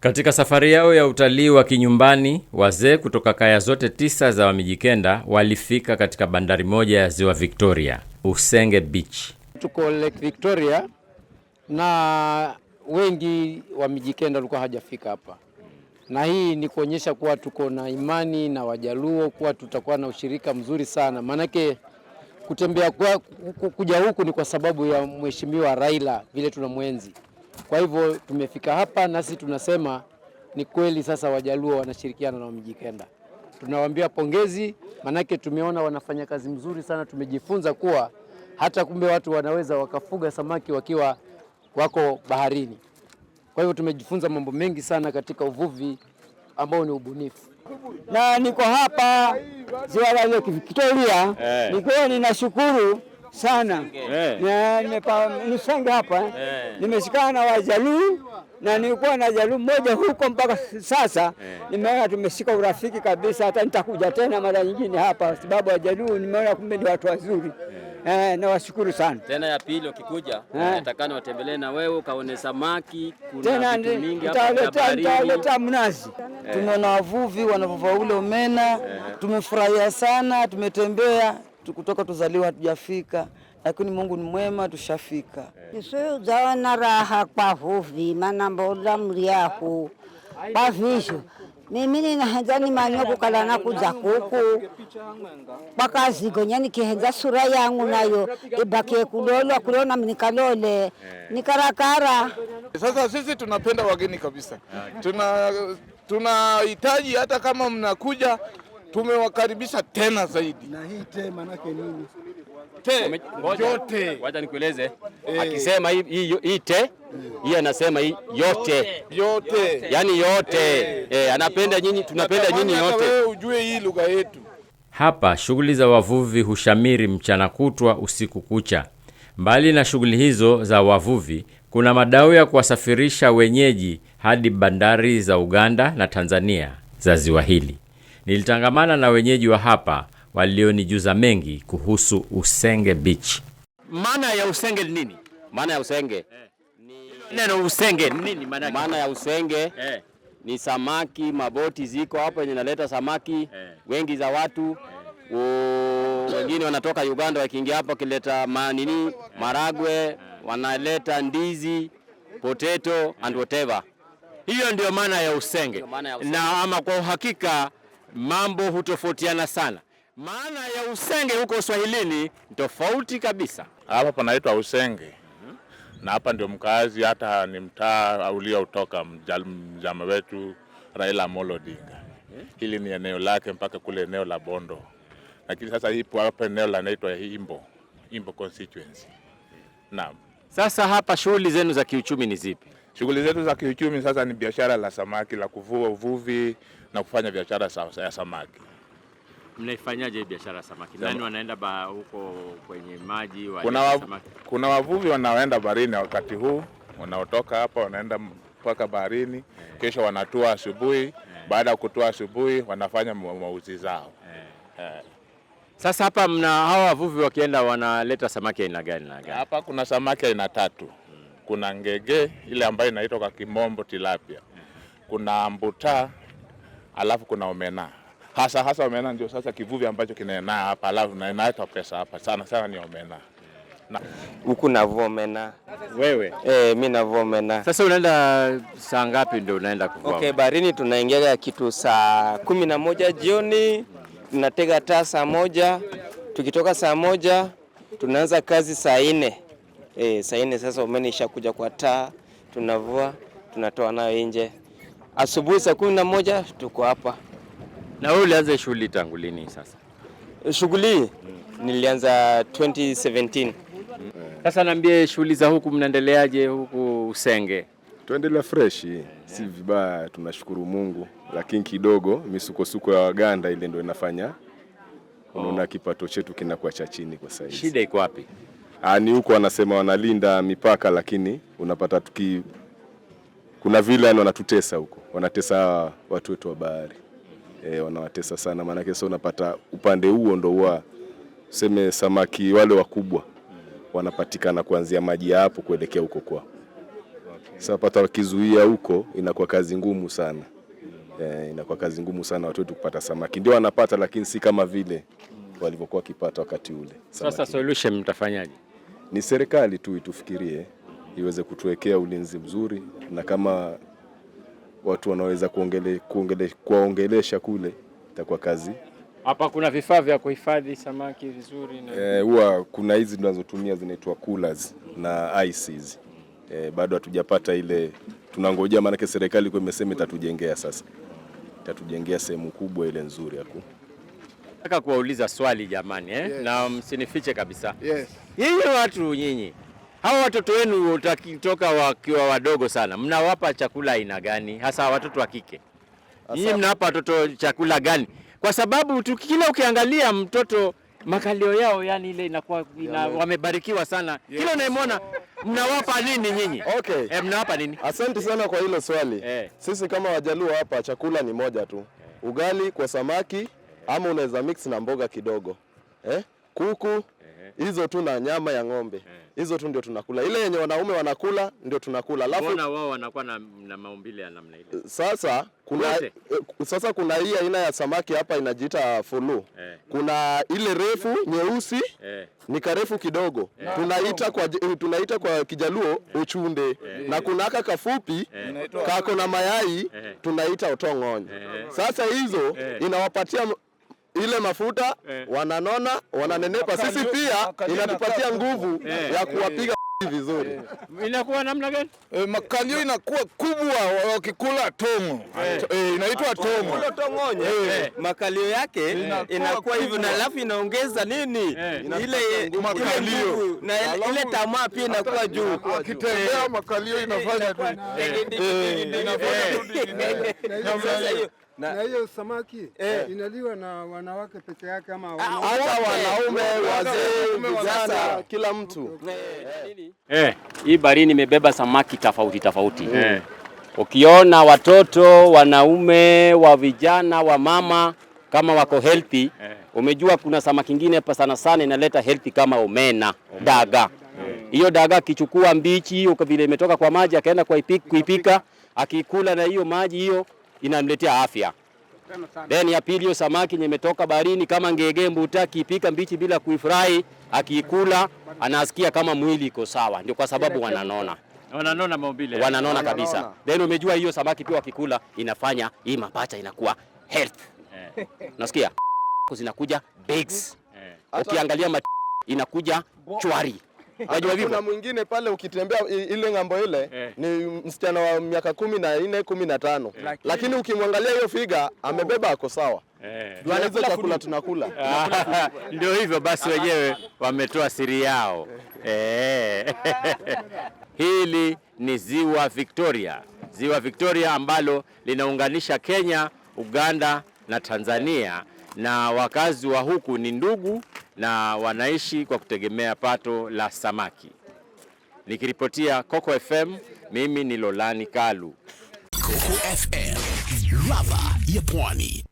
Katika safari yao ya utalii wa kinyumbani, wazee kutoka kaya zote tisa za Wamijikenda walifika katika bandari moja ya Ziwa Victoria, Usenge Beach. Tuko Lake Victoria na wengi Wamijikenda walikuwa hajafika hapa, na hii ni kuonyesha kuwa tuko na imani na Wajaluo kuwa tutakuwa na ushirika mzuri sana, maanake kutembea kwa kuja huku ni kwa sababu ya Mheshimiwa Raila, vile tunamwenzi kwa hivyo tumefika hapa nasi tunasema ni kweli sasa Wajaluo wanashirikiana na Wamijikenda. Tunawaambia pongezi, manake tumeona wanafanya kazi mzuri sana. Tumejifunza kuwa hata kumbe watu wanaweza wakafuga samaki wakiwa wako baharini. Kwa hivyo tumejifunza mambo mengi sana katika uvuvi ambao ni ubunifu, na niko hapa ziwa la Lake Victoria, hey. Eh. Nikiwa ninashukuru sana Lusanga eh. hapa yeah. Eh. Nimeshikana na wajaluu na nilikuwa na jaluu mmoja huko mpaka sasa yeah. Nimeona tumeshika urafiki kabisa, hata nitakuja tena mara nyingine hapa kwa sababu Wajaluo nimeona kumbe ni watu wazuri yeah. Eh, nawashukuru sana tena. Ya pili ukikuja eh. natakana Watembelee na wewe kaone samaki, kuna mingi hapa, nitaleta mnazi Tumeona wavuvi ule omena Tumefurahia sana, tumetembea kutoka tuzaliwa hatujafika, lakini Mungu ni mwema, tushafika. isuuzawa na raha kwa vuvi maana mbola mliaku kwa vivyo mimi ninahenza manyo kukala na kuza kuku kwa kazi gonya nikihenza sura yangu nayo ibakie kulolwa kulona mnikalole nikarakara. Sasa sisi tunapenda wageni kabisa, tunahitaji hata kama mnakuja tumewakaribisha tena zaidi. Na hii te manake nini? Te yote, wacha nikueleze. Eh. Akisema hii hii te hii, anasema hii yote yote, yani yote. Eh. eh, anapenda nyinyi, tunapenda nyinyi yote. Wewe ujue hii lugha yetu. Hapa shughuli za wavuvi hushamiri mchana kutwa, usiku kucha. Mbali na shughuli hizo za wavuvi, kuna madau ya kuwasafirisha wenyeji hadi bandari za Uganda na Tanzania za ziwa hili. Nilitangamana na wenyeji wa hapa walionijuza mengi kuhusu Usenge Beach. Maana ya Usenge ni nini? Maana ya Usenge eh, ni... neno Usenge ni nini maana? Maana ya Usenge eh, ni samaki. Maboti ziko hapo yenye naleta samaki eh, wengi za watu eh, wengine wanatoka Uganda wakiingia hapo wakileta manini eh, maragwe eh, wanaleta ndizi, potato and whatever. Hiyo ndio maana ya Usenge, ya Usenge. Na ama kwa uhakika mambo hutofautiana sana. Maana ya usenge huko Uswahilini tofauti kabisa. Hapa panaitwa usenge na hapa ndio mkazi, hata ni mtaa uliotoka mjama wetu Raila Amolo Odinga. Hili ni eneo lake mpaka kule eneo la Bondo, lakini sasa ipo hapa eneo linaitwa Imbo, Imbo constituency. Naam. Sasa hapa shughuli zenu za kiuchumi ni zipi? Shughuli zetu za kiuchumi sasa ni biashara la samaki la kuvua, uvuvi na kufanya biashara ya samaki. Mnaifanyaje biashara ya samaki? Nani wanaenda ba huko kwenye maji wa kuna, wa, kuna wavuvi wanaoenda baharini wakati huu wanaotoka hapa wanaenda mpaka baharini yeah. Kesho wanatua asubuhi yeah. Baada ya kutua asubuhi wanafanya mauzi zao yeah. Yeah. Sasa hapa mna hawa wavuvi wakienda wanaleta samaki aina gani na gani? Hapa kuna samaki aina tatu hmm. Kuna ngege ile ambayo inaitwa kwa kimombo tilapia, eh. kuna mbuta alafu kuna omena hasa hasa omena ndio sasa kivuvi ambacho kinaena hapa, alafu naenata pesa hapa sana sana ni omena huku na. Navua omena wewe? E, mi navua omena. Sasa unaenda saa ngapi ndio unaenda kuvua? Okay, barini tunaingia kitu saa kumi na moja jioni, tunatega taa saa moja, tukitoka saa moja tunaanza kazi saa nne. E, saa nne sasa omena ishakuja kwa taa, tunavua tunatoa nayo nje asubuhi saa kumi na moja tuko hapa. Na wewe ulianza shughuli tangu lini sasa? Eh, shughuli hmm, nilianza 2017. Mm. Sasa naambie shughuli za huku mnaendeleaje huku Usenge? Tuendelea fresh, si vibaya, tunashukuru Mungu, lakini kidogo misukosuko ya Waganda ile ndio inafanya unaona, oh. kipato chetu kinakuwa cha chini kwa sasa. Shida iko wapi? Ah, ni huko wanasema wanalinda mipaka, lakini unapata tuki kuna vile yani wanatutesa huko, wanatesa watu wetu wa bahari e, wanawatesa sana, maanake sasa unapata upande huo ndo huwa seme samaki wale wakubwa wanapatikana kuanzia maji ya hapo kuelekea huko kwa Sasa pata wakizuia huko, inakuwa kazi ngumu sana e, inakuwa kazi ngumu sana watu wetu kupata samaki. Ndio wanapata, lakini si kama vile walivyokuwa wakipata wakati ule. Sasa solution mtafanyaje? Ni serikali tu itufikirie iweze kutuwekea ulinzi mzuri, na kama watu wanaweza kuongele, kuongele, kuwaongelesha kule itakuwa kazi. Hapa kuna vifaa vya kuhifadhi samaki vizuri na eh, huwa e, kuna hizi tunazotumia zinaitwa coolers na ice e, bado hatujapata ile, tunangojea maanake serikali kwa imesema itatujengea sasa, itatujengea sehemu kubwa ile nzuri ya nataka kuwauliza swali jamani eh? Yes. Na msinifiche kabisa. Yes. Yeye watu nyinyi Hawa watoto wenu utakitoka wakiwa wadogo sana, mnawapa chakula aina gani, hasa watoto wa kike? Nyinyi mnawapa watoto chakula gani? Kwa sababu kila ukiangalia mtoto makalio yao yani ile inakuwa ina, wamebarikiwa sana yes. Kila unaimwona mnawapa nini nyinyi? Okay. E, mnawapa nini? Asante sana kwa hilo swali eh. Sisi kama Wajaluo hapa chakula ni moja tu eh. Ugali kwa samaki eh. Ama unaweza mix na mboga kidogo eh. Kuku Eh. hizo tu na nyama ya ng'ombe eh. hizo tu ndio tunakula, ile yenye wanaume wanakula ndio tunakula. Alafu wao wanakuwa na, na maumbile ya namna ile. Sasa kuna e, sasa kuna hii aina ya samaki hapa inajiita fulu eh. Kuna ile refu nyeusi eh. Ni karefu kidogo eh. Tunaita kwa, tunaita kwa Kijaluo eh. uchunde eh. Na kuna aka kafupi eh. kako na mayai eh. Tunaita otong'onyo eh. Sasa hizo eh. inawapatia ile mafuta eh, wananona wananenepa. Sisi pia inatupatia nguvu eh, ya eh. kuwapiga eh, vizuri eh. Inakuwa namna gani eh, makalio inakuwa kubwa wakikula tongo eh, eh, inaitwa tongo tongonye eh, eh, makalio yake eh, inakuwa hivyo na alafu inaongeza nini eh, ile makalio na ile tamaa pia inakuwa juu, akitembea makalio eh. inafanya tu na hiyo samaki eh. eh, inaliwa na wanawake peke yake ama ah, hata wanaume, wazee, vijana, kila mtu eh, eh. Hii barini imebeba samaki tofauti tofauti eh. Ukiona watoto, wanaume, wa vijana, wa mama kama wako healthy eh. Umejua kuna samaki ingine hapa sana sana inaleta healthy kama omena, daga eh. hiyo eh. Daga akichukua mbichi vile imetoka kwa maji akaenda kuipika, akikula na hiyo maji hiyo inamletea afya. Then ya pili, hiyo samaki nyemetoka baharini kama ngege mbuta, kipika mbichi bila kuifurahi, akiikula anasikia kama mwili iko sawa, ndio kwa sababu wananona wananona maumbile, wananona kabisa. Then umejua hiyo samaki pia wakikula inafanya hii mapacha inakuwa health, eh. Unasikia? zinakuja bigs, eh. Ukiangalia inakuja chwari kuna mwingine pale. Ukitembea ile ng'ambo ile eh, ni msichana wa miaka kumi na nne kumi na tano eh, lakini ukimwangalia hiyo figa amebeba ako sawa eh, hizo chakula tunakula ndio hivyo basi, wenyewe wametoa siri yao eh. eh. Hili ni ziwa Victoria, ziwa Victoria ambalo linaunganisha Kenya, Uganda na Tanzania, na wakazi wa huku ni ndugu na wanaishi kwa kutegemea pato la samaki. Nikiripotia Coco FM, mimi ni Lolani Kalu. Coco FM, ladha ya Pwani.